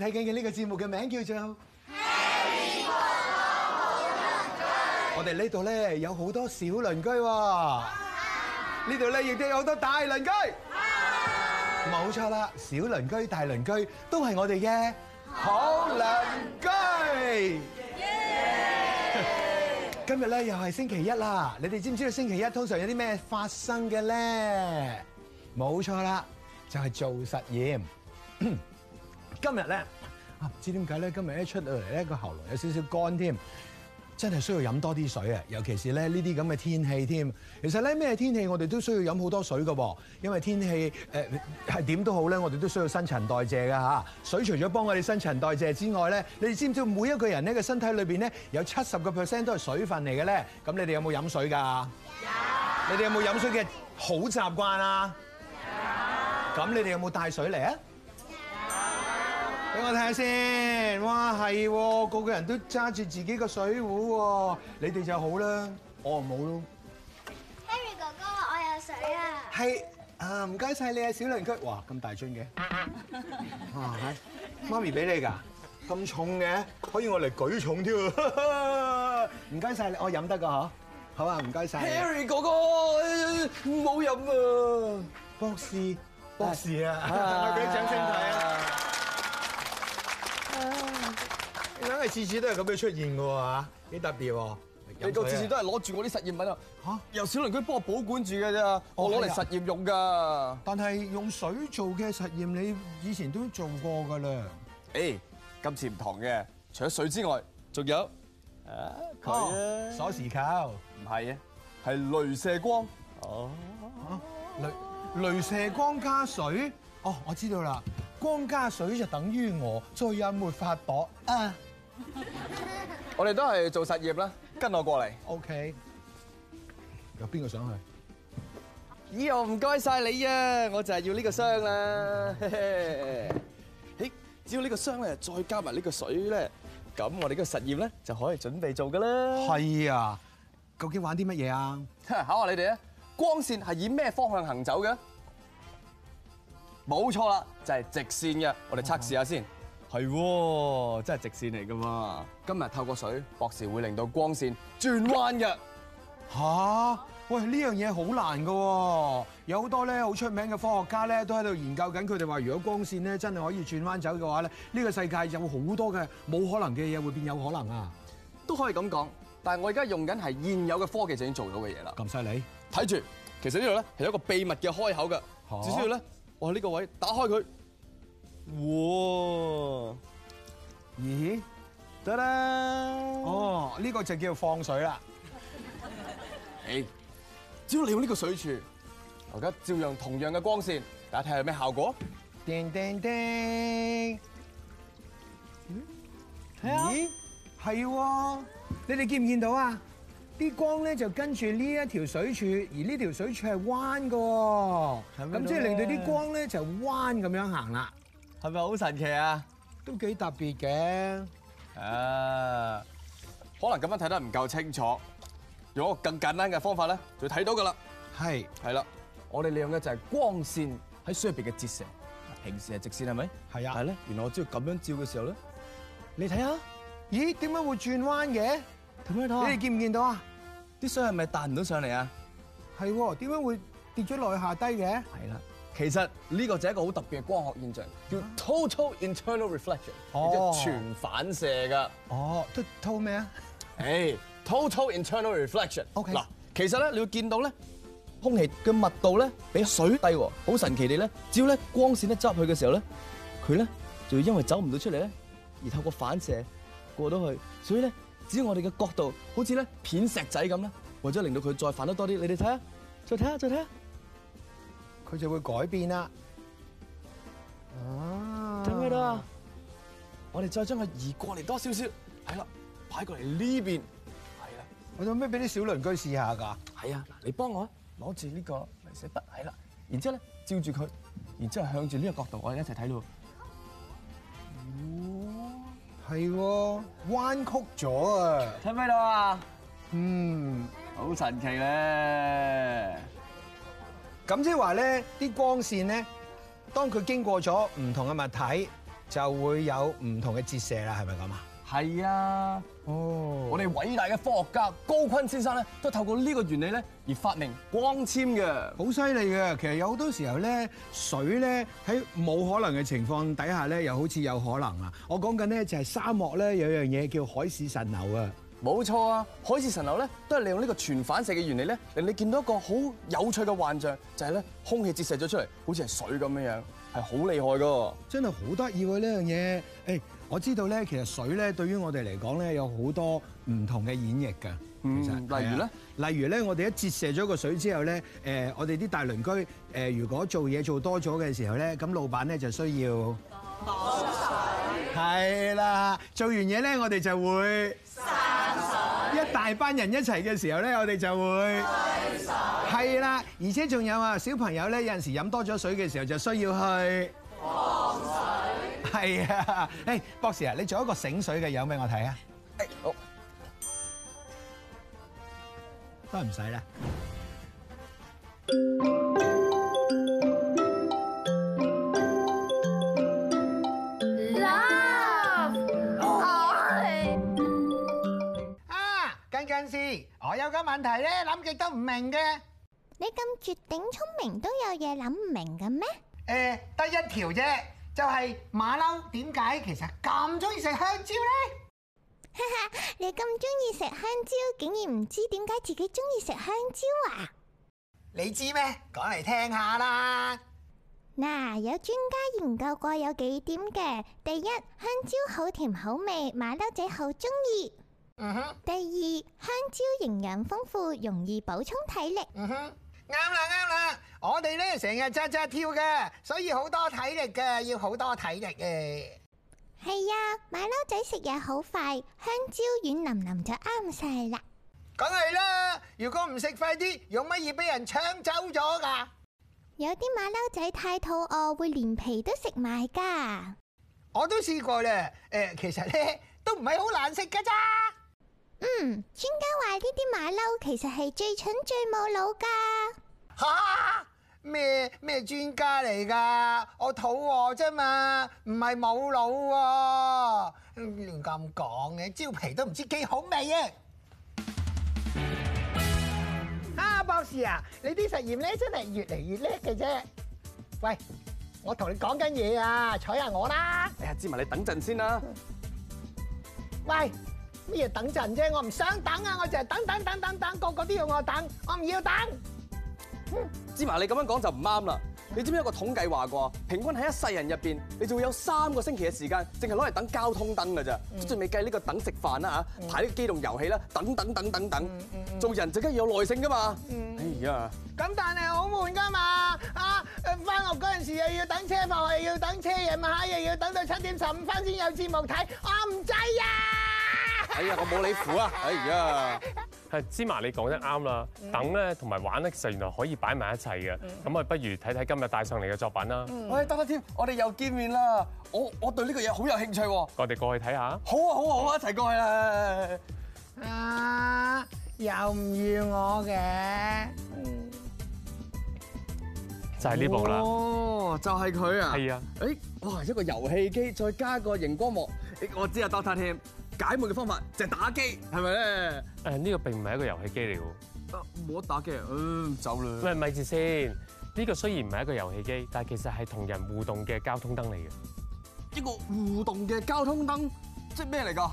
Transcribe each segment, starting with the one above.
睇緊嘅呢個節目嘅名叫做《Harry 哥哥好鄰居》。我哋呢度咧有好多小鄰居喎，呢度咧亦都有好多大鄰居。冇錯啦，小鄰居、大鄰居都係我哋嘅好鄰居。今日咧又係星期一啦，你哋知唔知道星期一通常有啲咩發生嘅咧？冇錯啦，就係做實驗。今日咧啊，唔知點解咧？今日一出到嚟咧，個喉嚨有少少乾添，真係需要飲多啲水啊！尤其是咧呢啲咁嘅天氣添。其實咧咩天氣，我哋都需要飲好多水㗎喎。因為天氣誒係點都好咧，我哋都需要新陳代謝㗎。水除咗幫我哋新陳代謝之外咧，你哋知唔知每一個人咧嘅身體裏面咧有七十個 percent 都係水分嚟嘅咧？咁你哋有冇飲水㗎？Yeah! 有。你哋有冇飲水嘅好習慣啊？Yeah! 有。咁你哋有冇帶水嚟啊？俾我睇下先，哇，係個個人都揸住自己個水壺喎，你哋就好啦，我唔好咯。Harry 哥哥，我有水啊。係啊，唔該晒你啊，小鄰居。哇，咁大樽嘅。哇，係。媽咪俾你㗎。咁重嘅，可以我嚟舉重添啊！唔該晒你，我飲得㗎，吓。好啊，唔該晒。Harry 哥哥，唔好飲啊！博士，博士啊，我俾獎品睇啊！咁係次次都係咁樣出現嘅喎，嚇幾特別喎！你個次次都係攞住我啲實驗品啊！嚇，由小鄰居幫我保管住嘅啫，我攞嚟實驗用㗎。但係用水做嘅實驗，你以前都做過㗎啦。誒，今次唔同嘅，除咗水之外，仲有啊佢啊鎖匙扣，唔係啊，係雷射光。哦，雷雷射光加水。哦，我知道啦，光加水就等於我再有沒法度啊！我哋都係做實驗啦，跟我過嚟。OK，有邊個上去？咦哦，唔該晒你啊！我就係要呢個箱啦。嘿，只要呢個箱咧，再加埋呢個水咧，咁我哋個實驗咧就可以準備做㗎啦。係啊，究竟玩啲乜嘢啊？考下你哋咧，光線係以咩方向行走嘅？冇錯啦，就係直線嘅。我哋測試下先。係、哦，真係直線嚟噶嘛？今日透過水，博士會令到光線轉彎嘅。吓、啊？喂，呢樣嘢好難噶、哦。有好多咧，好出名嘅科學家咧，都喺度研究緊。佢哋話，如果光線咧真係可以轉彎走嘅話咧，呢、呢個世界有好多嘅冇可能嘅嘢會變有可能啊。都可以咁講，但係我而家用緊係現有嘅科技就已經做到嘅嘢啦。咁犀利？睇住，其實這裡呢度咧係一個秘密嘅開口嘅。啊、只需要咧，我喺呢個位打開佢。哇！咦？得啦！哦，呢個就叫放水啦。誒，只要你用呢個水柱，我而家照樣同樣嘅光線，大家睇下有咩效果？叮叮叮！嗯，係啊？咦，係？你哋見唔見到啊？啲光咧就跟住呢一條水柱，而呢條水柱係彎㗎，咁即係令到啲光咧就彎咁樣行啦。係咪好神奇啊？都幾特別嘅。啊，可能咁樣睇得唔夠清楚。如果更簡單嘅方法咧，就睇到㗎啦。係。係啦，我哋利用嘅就係光線喺水入邊嘅折射。平時係直線係咪？係啊。係咧，原來我只要咁樣照嘅時候咧，你睇下，咦？點解會轉彎嘅？睇唔睇到啊？你哋見唔見到啊？啲水係咪彈唔到上嚟啊？係喎，點解會跌咗落去下低嘅？係啦。其實呢個就係一個好特別嘅光學現象，叫 total internal reflection，即係全反射㗎。哦，total 咩啊？誒，total internal reflection。OK，嗱，其實咧，你會見到咧，空氣嘅密度咧比水低，好神奇地咧，只要咧光線一執入去嘅時候咧，佢咧就會因為走唔到出嚟咧，而透過反射過到去。所以咧，只要我哋嘅角度好似咧片石仔咁咧，為咗令到佢再反得多啲，你哋睇下，再睇下，再睇下。佢就會改變啦。睇唔到啊？啊聽啊我哋再將佢移過嚟多少少，係啦、啊，擺過嚟呢邊，係啦、啊。啊、我有咩俾啲小鄰居試一下噶？係啊，你幫我攞住呢個嚟寫筆，係啦、啊。然之後咧，照住佢，然之後向住呢個角度，我哋一齊睇到。哦，係喎、啊，彎曲咗啊！睇唔到啊？嗯，好神奇咧。咁即係話咧，啲光線咧，當佢經過咗唔同嘅物體，就會有唔同嘅折射啦，係咪咁啊？係啊，哦！我哋偉大嘅科學家高錕先生咧，都透過呢個原理咧而發明光纖嘅，好犀利嘅。其實有好多時候咧，水咧喺冇可能嘅情況底下咧，又好似有可能啊！我講緊咧就係沙漠咧有樣嘢叫海市蜃樓啊！冇錯啊！海市蜃樓咧，都係利用呢個全反射嘅原理咧，令你見到一個好有趣嘅幻象，就係、是、咧空氣折射咗出嚟，好似係水咁樣樣，係好厲害㗎，真係好得意喎呢樣嘢！誒、這個欸，我知道咧，其實水咧對於我哋嚟講咧，有好多唔同嘅演繹㗎。其實嗯，例如咧、啊，例如咧，我哋一折射咗個水之後咧，誒，我哋啲大鄰居誒、呃，如果做嘢做多咗嘅時候咧，咁老闆咧就需要倒水。係啦，做完嘢咧，我哋就會。大班人一齊嘅時候咧，我哋就會係啦，而且仲有啊，小朋友咧有陣時飲多咗水嘅時候就需要去放水，係啊！誒，博士啊，你做一個醒水嘅樣俾我睇啊！誒，好，都係唔使啦。問題咧諗極都唔明嘅，你咁絕頂聰明都有嘢諗唔明嘅咩？呃、得一條啫，就係馬騮點解其實咁中意食香蕉呢？哈哈，你咁中意食香蕉，竟然唔知點解自己中意食香蕉啊？你知咩？講嚟聽下啦。嗱、啊，有專家研究過有幾點嘅。第一，香蕉好甜好味，馬騮仔好中意。嗯、第二，香蕉營養豐富，容易補充體力。啱啦啱啦，我哋咧成日扎扎跳嘅，所以好多體力嘅，要好多體力嘅。係啊，馬騮仔食嘢好快，香蕉軟腍腍就啱晒啦。梗係啦，如果唔食快啲，用乜嘢俾人搶走咗噶？有啲馬騮仔太肚餓，會連皮都食埋噶。我都試過啦，誒、呃，其實咧都唔係好難食噶咋。嗯，專家話呢啲馬騮其實係最蠢最冇腦噶。哈？咩咩專家嚟噶？我肚餓啫嘛，唔係冇腦喎，亂咁講嘅，蕉皮都唔知幾好味啊！啊，博士啊，你啲實驗咧真係越嚟越叻嘅啫。喂，我同你講緊嘢啊，睬下我啦。哎呀，芝麻你等陣先啦。喂。咩等陣啫？我唔想等啊！我就係等等等等等，個個都要我等，我唔要等。芝麻，你咁樣講就唔啱啦。你知唔知有個統計話過，平均喺一世人入邊，你就會有三個星期嘅時間淨係攞嚟等交通燈噶咋？都仲未計呢個等食飯啦吓，睇機、嗯、動遊戲啦，等等等等等。等等嗯嗯嗯、做人就梗要有耐性噶嘛。嗯、哎呀，咁但係好悶噶嘛啊！翻、呃、學嗰陣時又要等車，又要等車，夜晚黑又要等到七點十五分先有節目睇，我唔制啊！哎呀，我冇你苦啊！哎呀，係芝麻，你講得啱啦。等咧，同埋玩咧，其實原來可以擺埋一齊嘅。咁啊，不如睇睇今日帶上嚟嘅作品啦。喂，Doctor Tim，我哋又見面啦。我我對呢個嘢好有興趣。我哋過去睇下。好啊，好啊，好，一齊過去啦。啊，又唔要我嘅。就係呢部啦。就係佢啊。係啊。誒，哇，一個遊戲機，再加個熒光幕。我知啊，Doctor Tim。解悶嘅方法就係、是、打機，係咪咧？誒、呃，呢、這個並唔係一個遊戲機嚟喎。啊，冇得打機啊！嗯，走啦。喂，咪住先，呢個雖然唔係一個遊戲機，但係其實係同人互動嘅交通燈嚟嘅。一個互動嘅交通燈，即係咩嚟㗎？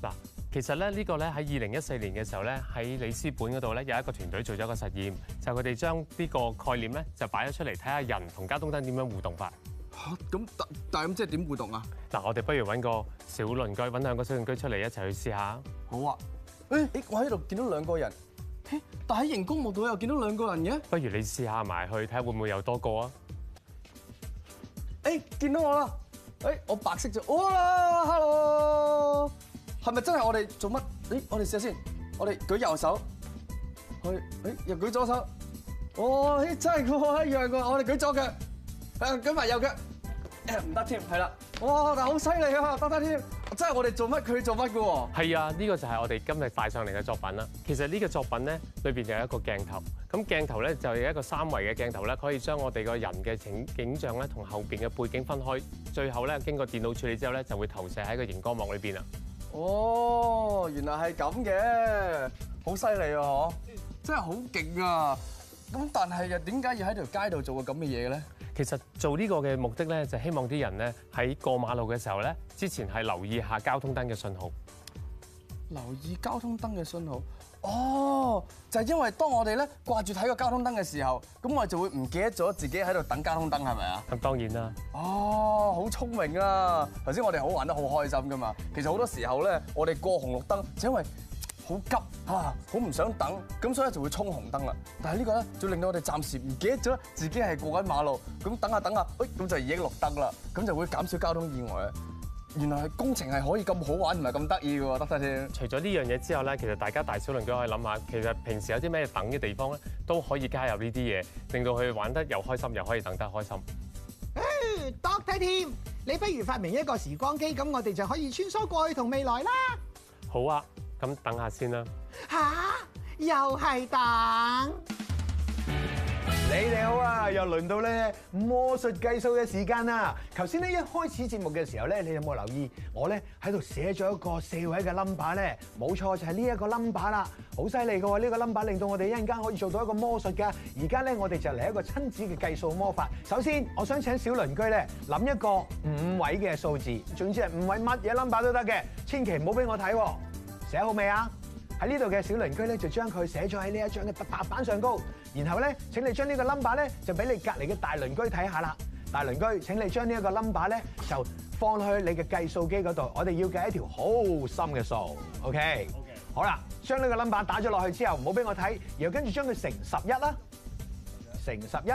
嗱，其實咧，呢、這個咧喺二零一四年嘅時候咧，喺里斯本嗰度咧有一個團隊做咗個實驗，就係佢哋將呢個概念咧就擺咗出嚟，睇下人同交通燈點樣互動法。吓咁，但，但咁即係點互動啊？嗱、啊，我哋不如搵個小鄰居，搵兩個小鄰居出嚟一齊去試下。好啊！誒、欸欸，我喺度見到兩個人，但喺熒光幕度又見到兩個人嘅。不如你試下埋去睇下會唔會有多個啊？誒、欸，見到我啦！誒、欸，我白色 Hello，Hello，係咪真係我哋做乜？誒、欸，我哋試下先，我哋舉右手，去誒、欸，又舉左手。哦，欸、真係好一樣噶、啊，我哋舉左腳。咁埋、啊、右腳，唔得添，係啦，哇，但好犀利啊，得得添，真係我哋做乜佢做乜㗎喎。係啊，呢個就係我哋今日帶上嚟嘅作品啦。其實呢個作品咧，裏邊就有一個鏡頭，咁鏡頭咧就有一個三維嘅鏡頭咧，可以將我哋個人嘅景景象咧同後邊嘅背景分開。最後咧經過電腦處理之後咧，就會投射喺個熒光幕裏邊啦，哦，原來係咁嘅，好犀利啊，嗬，真係好勁啊。咁但係又點解要喺條街度做個咁嘅嘢咧？其實做呢個嘅目的咧，就希望啲人咧喺過馬路嘅時候咧，之前係留意下交通燈嘅信號。留意交通燈嘅信號，哦，就係因為當我哋咧掛住睇個交通燈嘅時候，咁我就會唔記得咗自己喺度等交通燈，係咪啊？咁當然啦。哦，好聰明啊！頭先我哋好玩得好開心噶嘛。其實好多時候咧，我哋過紅綠燈就因為，好急嚇，好、啊、唔想等，咁所以就會衝紅燈啦。但係呢個咧就令到我哋暫時唔記得咗自己係過緊馬路，咁等下等下，喂、哎，咁就已經綠燈啦，咁就會減少交通意外啊。原來工程係可以咁好玩同埋咁得意嘅喎，得翻先。除咗呢樣嘢之後咧，其實大家大小鄰居可以諗下，其實平時有啲咩等嘅地方咧，都可以加入呢啲嘢，令到佢玩得又開心又可以等得開心。Doctor Tim，你不如發明一個時光機，咁我哋就可以穿梭過去同未來啦。好啊。咁等下先啦。吓、啊，又係等你哋好啊！又輪到咧魔術計數嘅時間啦。頭先咧一開始節目嘅時候咧，你有冇留意我咧喺度寫咗一個四位嘅 number 咧？冇錯，就係呢一個 number 啦。好犀利嘅喎，呢個 number 令到我哋一陣間可以做到一個魔術嘅。而家咧，我哋就嚟一個親子嘅計數魔法。首先，我想請小鄰居咧諗一個五位嘅數字，總之係五位乜嘢 number 都得嘅，千祈唔好俾我睇喎。寫好未啊？喺呢度嘅小鄰居咧，就將佢寫咗喺呢一張嘅白板上高。然後咧，請你將呢個 number 咧，就俾你隔籬嘅大鄰居睇下啦。大鄰居，請你將呢一個 number 咧，就放去你嘅計數機嗰度。我哋要計一條好深嘅數。OK，okay. 好啦，將呢個 number 打咗落去之後，唔好俾我睇，然後跟住將佢乘十一啦，乘十一，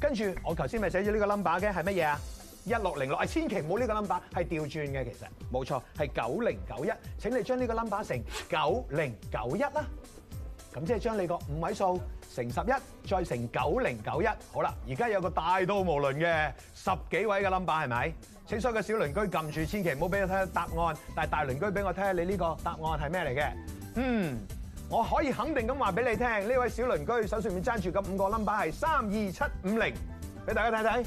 跟住我頭先咪寫咗呢個 number 嘅係乜嘢啊？一六零六，啊、哎、千祈唔好呢個 number，係調轉嘅其實，冇錯係九零九一。91, 請你將呢個 number 成九零九一啦。咁即係將你個五位數乘十一，再乘九零九一。好啦，而家有個大到無倫嘅十幾位嘅 number 係咪？請所有嘅小鄰居撳住，千祈唔好俾我睇下答案。但係大鄰居俾我睇下你呢個答案係咩嚟嘅？嗯，我可以肯定咁話俾你聽，呢位小鄰居手上面揸住嘅五個 number 係三二七五零，俾大家睇睇。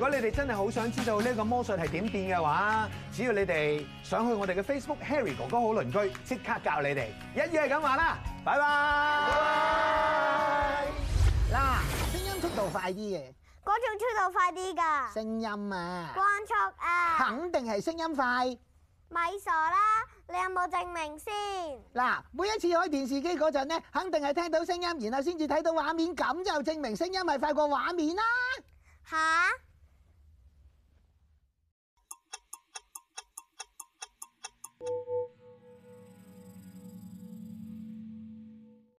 如果你哋真係好想知道呢個魔術係點變嘅話，只要你哋想去我哋嘅 Facebook Harry 哥哥好鄰居，即刻教你哋一於係咁話啦。拜拜！嗱，聲音速度快啲嘅，嗰種速度快啲㗎，聲音啊，光速啊，肯定係聲音快。咪傻啦！你有冇證明先？嗱，每一次開電視機嗰陣咧，肯定係聽到聲音，然後先至睇到畫面，咁就證明聲音咪快過畫面啦。嚇？